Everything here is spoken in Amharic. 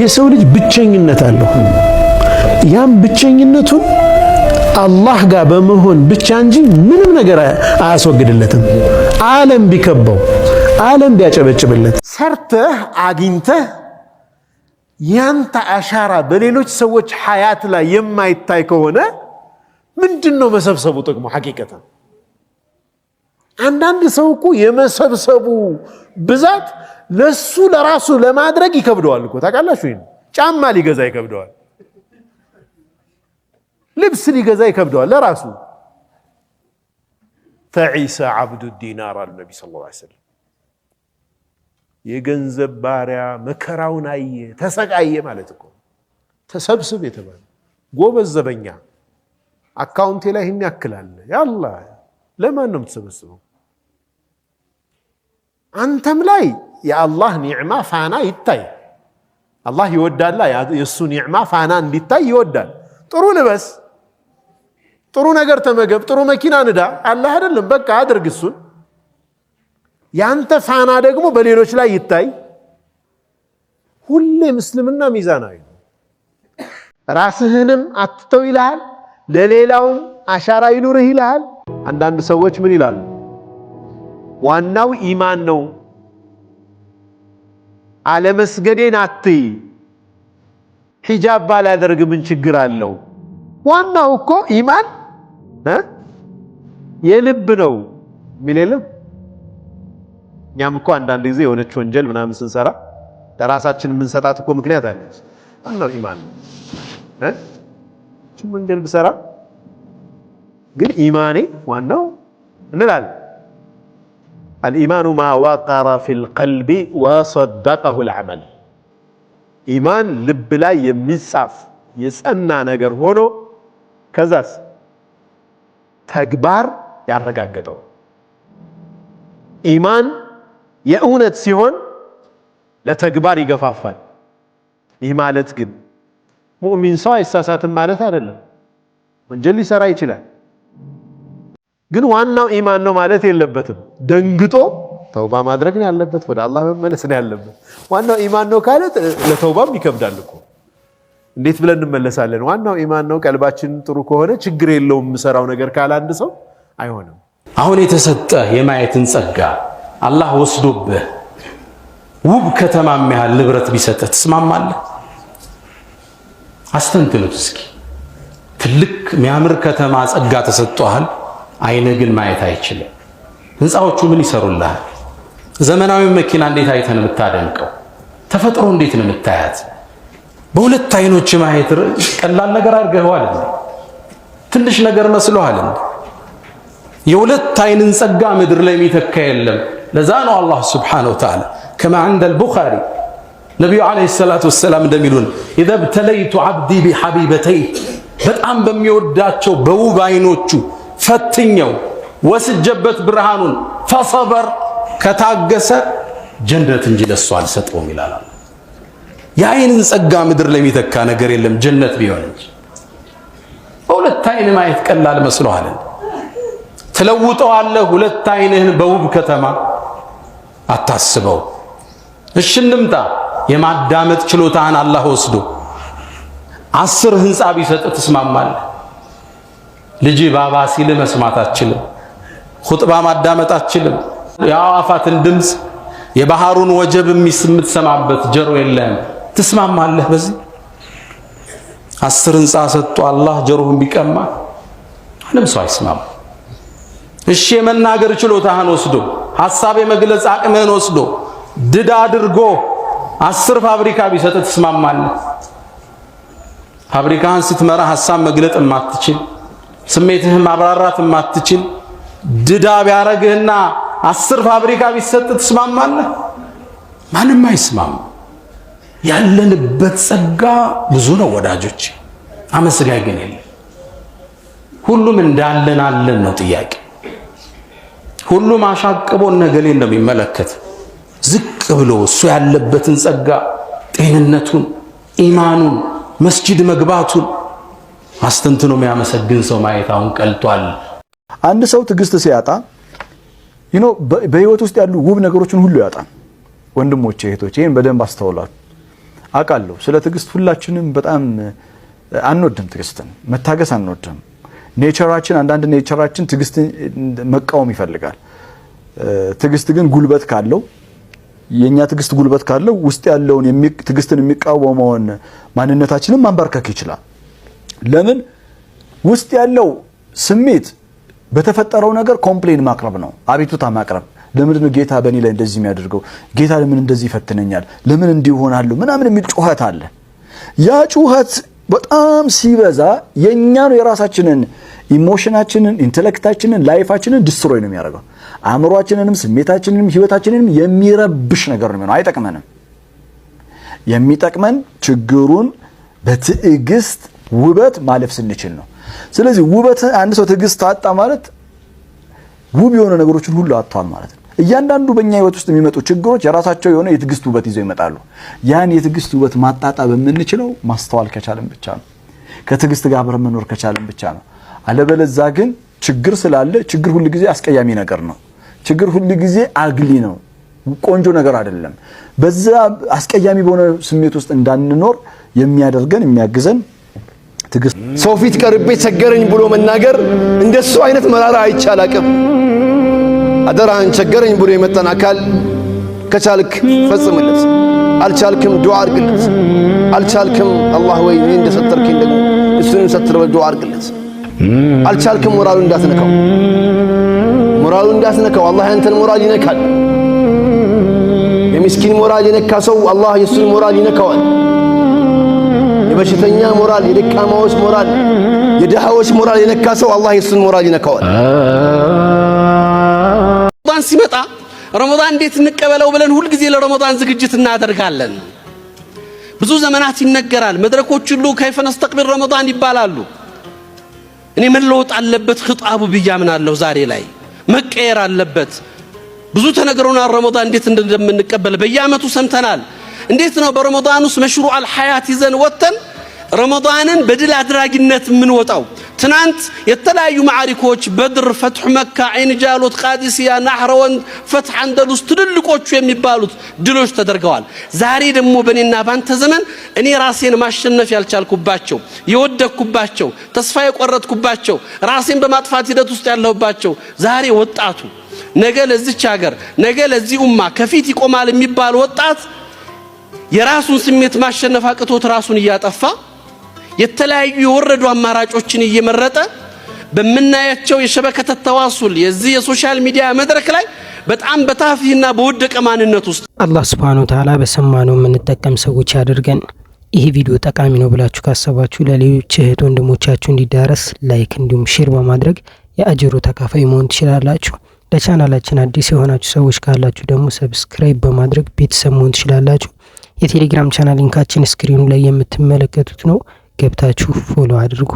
የሰው ልጅ ብቸኝነት አለው። ያም ብቸኝነቱን አላህ ጋር በመሆን ብቻ እንጂ ምንም ነገር አያስወግድለትም። ዓለም ቢከበው፣ ዓለም ቢያጨበጭብለት፣ ሰርተህ አግኝተህ ያንተ አሻራ በሌሎች ሰዎች ሀያት ላይ የማይታይ ከሆነ ምንድን ነው መሰብሰቡ ጥቅሙ? ሐቂቀታ አንዳንድ ሰው እኮ የመሰብሰቡ ብዛት ለሱ ለራሱ ለማድረግ ይከብደዋል እኮ ታውቃላችሁ። ይሄን ጫማ ሊገዛ ይከብደዋል፣ ልብስ ሊገዛ ይከብደዋል ለራሱ ፈዒሳ ዓብዱ ዲናር አሉ ነቢ ስ ላ ሰለም የገንዘብ ባሪያ መከራውን አየ ተሰቃየ ማለት እኮ ተሰብስብ የተባለ ጎበዝ ዘበኛ አካውንቴ ላይ ይህን ያክላል ያላ ለማን ነው የምትሰበስበው? አንተም ላይ የአላህ ኒዕማ ፋና ይታይ። አላህ ይወዳላ የእሱ ኒዕማ ፋና እንዲታይ ይወዳል። ጥሩ ልበስ፣ ጥሩ ነገር ተመገብ፣ ጥሩ መኪና ንዳ አላህ አይደለም በቃ አድርግ። እሱን የአንተ ፋና ደግሞ በሌሎች ላይ ይታይ። ሁሌ ምስልምና ሚዛናዊ ነው። ራስህንም አትተው ይልሃል፣ ለሌላውም አሻራ ይኑርህ ይልሃል። አንዳንድ ሰዎች ምን ይላሉ? ዋናው ኢማን ነው። አለመስገዴን አትይ፣ ሂጃብ ባላደርግ ምን ችግር አለው? ዋናው እኮ ኢማን የልብ ነው የሚል የለም። እኛም እኮ አንዳንድ ጊዜ የሆነች ወንጀል ምናምን ስንሰራ ለራሳችን የምንሰጣት እኮ ምክንያት አለ። ዋናው ኢማን ነው። ወንጀል ብሰራ ግን ኢማኔ ዋናው እንላለን። አልኢማኑ ማ ወቀረ ፊል ቀልቢ ወሰደቀሁ ልዓመል ኢማን ልብ ላይ የሚጻፍ የጸና ነገር ሆኖ ከዛስ ተግባር ያረጋገጠው ኢማን የእውነት ሲሆን ለተግባር ይገፋፋል። ይህ ማለት ግን ሙእሚን ሰው አይሳሳትም ማለት አይደለም። ወንጀል ሊሰራ ይችላል። ግን ዋናው ኢማን ነው ማለት የለበትም። ደንግጦ ተውባ ማድረግ ነው ያለበት፣ ወደ አላህ መመለስ ነው ያለበት። ዋናው ኢማን ነው ካለ ለተውባም ይከብዳል እኮ እንዴት ብለን እንመለሳለን? ዋናው ኢማን ነው። ቀልባችን ጥሩ ከሆነ ችግር የለውም። የምሰራው ነገር ካለ አንድ ሰው አይሆንም። አሁን የተሰጠ የማየትን ጸጋ አላህ ወስዶብህ ውብ ከተማ ያህል ንብረት ቢሰጥህ ትስማማለህ? አስተንትኑት እስኪ። ትልቅ የሚያምር ከተማ ጸጋ ተሰጥቷል። አይነ ግን ማየት አይችልም። ህንፃዎቹ ምን ይሰሩልሃል? ዘመናዊ መኪና እንዴት አይተን የምታደንቀው? ተፈጥሮ እንዴት ነው የምታያት? በሁለት አይኖች ማየት ቀላል ነገር አድርገዋል። ትንሽ ነገር መስሎሃል። የሁለት አይንን ጸጋ ምድር ላይ የሚተካ የለም። ለዛ ነው አላህ ሱብሓነሁ ወተዓላ ከማ عند البخاري ነቢዩ አለይሂ ሰላቱ ወሰላም እንደሚሉን اذا ابتليت عبدي بحبيبتيه በጣም በሚወዳቸው በውብ አይኖቹ ፈትኘው ወስጀበት ብርሃኑን ፈሰበር ከታገሰ ጀነት እንጂ ለሱ አልሰጠውም ይላል። የአይንን ጸጋ ምድር ለሚተካ ነገር የለም ጀነት ቢሆን እንጂ በሁለት አይን ማየት ቀላል መስሎሃል። ትለውጠዋለህ። ሁለት አይንህን በውብ ከተማ አታስበው። እሺ እንምጣ። የማዳመጥ ችሎታህን አላህ ወስዶ አስር ህንፃ ቢሰጥ ትስማማለህ። ልጅ ባባ ሲል መስማት አችልም። ሁጥባ ማዳመጥ አችልም። የአዋፋትን ድምፅ የባህሩን ወጀብ የምትሰማበት ጀሮ የለም። ትስማማለህ? በዚህ አስር ህንፃ ሰጥቶ አላህ ጀሮህን ቢቀማ ምንም ሰው አይስማም። እሺ የመናገር ችሎታህን ወስዶ ሐሳብ የመግለጽ አቅምህን ወስዶ ድዳ አድርጎ አስር ፋብሪካ ቢሰጥ ትስማማለህ? ፋብሪካህን ስትመራ ሐሳብ መግለጥ የማትችል ስሜትህ ማብራራት ማትችል ድዳ ቢያረግህና አስር ፋብሪካ ቢሰጥ ትስማማለህ? ማንም አይስማም። ያለንበት ጸጋ ብዙ ነው ወዳጆች፣ አመስጋኝ የለም። ሁሉም እንዳለን አለን ነው ጥያቄ። ሁሉም አሻቅቦ ነገሌን ነው የሚመለከት። ዝቅ ብሎ እሱ ያለበትን ጸጋ ጤንነቱን፣ ኢማኑን፣ መስጂድ መግባቱን አስተንትኖ የሚያመሰግን ሰው ማየት አሁን ቀልቷል። አንድ ሰው ትዕግስት ሲያጣ ይኖ በህይወት ውስጥ ያሉ ውብ ነገሮችን ሁሉ ያጣል። ወንድሞቼ እህቶቼ፣ ይህን በደንብ አስተውላሉ። አውቃለሁ ስለ ትዕግስት ሁላችንም በጣም አንወድም፣ ትዕግስትን መታገስ አንወድም። ኔቸራችን አንዳንድ ኔቸራችን ትዕግስት መቃወም ይፈልጋል። ትዕግስት ግን ጉልበት ካለው የኛ ትዕግስት ጉልበት ካለው ውስጥ ያለውን ትዕግስትን የሚቃወመውን ማንነታችንን ማንበርከክ ይችላል። ለምን ውስጥ ያለው ስሜት በተፈጠረው ነገር ኮምፕሌን ማቅረብ ነው፣ አቤቱታ ማቅረብ። ለምንድን ነው ጌታ በእኔ ላይ እንደዚህ የሚያደርገው? ጌታ ለምን እንደዚህ ይፈትነኛል? ለምን እንዲህ ሆናለሁ? ምናምን የሚል ጩኸት አለ። ያ ጩኸት በጣም ሲበዛ የእኛን የራሳችንን ኢሞሽናችንን፣ ኢንተሌክታችንን ላይፋችንን ዲስትሮይ ነው የሚያደርገው። አእምሯችንንም፣ ስሜታችንንም፣ ህይወታችንንም የሚረብሽ ነገር ነው የሚሆነው። አይጠቅመንም። የሚጠቅመን ችግሩን በትዕግስት ውበት ማለፍ ስንችል ነው። ስለዚህ ውበት አንድ ሰው ትዕግስት አጣ ማለት ውብ የሆነ ነገሮችን ሁሉ አጥቷል ማለት ነው። እያንዳንዱ በእኛ ህይወት ውስጥ የሚመጡ ችግሮች የራሳቸው የሆነ የትዕግስት ውበት ይዘው ይመጣሉ። ያን የትዕግስት ውበት ማጣጣብ የምንችለው ማስተዋል ከቻልን ብቻ ነው። ከትዕግስት ጋር አብረን መኖር ከቻልን ብቻ ነው። አለበለዛ ግን ችግር ስላለ ችግር ሁል ጊዜ አስቀያሚ ነገር ነው። ችግር ሁል ጊዜ አግሊ ነው። ቆንጆ ነገር አይደለም። በዛ አስቀያሚ በሆነ ስሜት ውስጥ እንዳንኖር የሚያደርገን የሚያግዘን ትግስት ሰው ፊት ቀርቤ ቸገረኝ ብሎ መናገር እንደሱ አይነት መራራ አይቻላቅም። አደራህን ቸገረኝ ብሎ የመጣን አካል ከቻልክ ፈጽምለት፣ አልቻልክም ዱዓ አድርግለት። አልቻልክም አላህ ወይ እኔ እንደሰተርከኝ ደግሞ እሱንም ሰትር በል አድርግለት። አልቻልክም ሞራሉ እንዳትነካው፣ ሞራሉ እንዳትነካው። አላህ ያንተን ሞራል ይነካል። የሚስኪን ሞራል የነካ ሰው አላህ የሱን ሞራል ይነካዋል። የበሽተኛ ሞራል፣ የደካማዎች ሞራል፣ የድሃዎች ሞራል የነካ ሰው አላህ የሱን ሞራል ይነካዋል። ረመዳን ሲመጣ ረመዳን እንዴት እንቀበለው ብለን ሁልጊዜ ለረመዳን ዝግጅት እናደርጋለን። ብዙ ዘመናት ይነገራል። መድረኮች ሁሉ ከይፈ ነስተቅቢል ረመዳን ይባላሉ። እኔ መለወጥ አለበት ኽጣቡ ብዬ አምናለሁ። ዛሬ ላይ መቀየር አለበት። ብዙ ተነግሮናል። ረመዳን እንዴት እንደምንቀበል በየአመቱ ሰምተናል። እንዴት ነው በረመዳን ውስጥ መሽሩዐል ሐያት ይዘን ወጥተን ረመዳንን በድል አድራጊነት የምንወጣው ትናንት የተለያዩ ማዕሪኮች በድር፣ ፈትሑ መካ፣ ዐይንጃሎት፣ ቃዲስያ፣ ናሕረወንድ፣ ፈትሕ አንደሉስ ትልልቆቹ የሚባሉት ድሎች ተደርገዋል። ዛሬ ደግሞ በእኔና ባንተ ዘመን እኔ ራሴን ማሸነፍ ያልቻልኩባቸው፣ የወደቅኩባቸው፣ ተስፋ የቆረጥኩባቸው፣ ራሴን በማጥፋት ሂደት ውስጥ ያለሁባቸው ዛሬ ወጣቱ ነገ ለዚች ሀገር ነገ ለዚህ ኡማ ከፊት ይቆማል የሚባል ወጣት የራሱን ስሜት ማሸነፍ አቅቶት ራሱን እያጠፋ የተለያዩ የወረዱ አማራጮችን እየመረጠ በምናያቸው የሸበከተ ተዋሱል የዚህ የሶሻል ሚዲያ መድረክ ላይ በጣም በታፊና በወደቀ ማንነት ውስጥ አላህ ስብሐነሁ ወተዓላ በሰማነው የምንጠቀም ሰዎች ያደርገን። ይህ ቪዲዮ ጠቃሚ ነው ብላችሁ ካሰባችሁ ለሌሎች እህት ወንድሞቻችሁ እንዲዳረስ ላይክ እንዲሁም ሼር በማድረግ የአጀሮ ተካፋይ መሆን ትችላላችሁ። ለቻናላችን አዲስ የሆናችሁ ሰዎች ካላችሁ ደግሞ ሰብስክራይብ በማድረግ ቤተሰብ መሆን ትችላላችሁ። የቴሌግራም ቻናል ሊንካችን ስክሪኑ ላይ የምትመለከቱት ነው። ገብታችሁ ፎሎ አድርጉ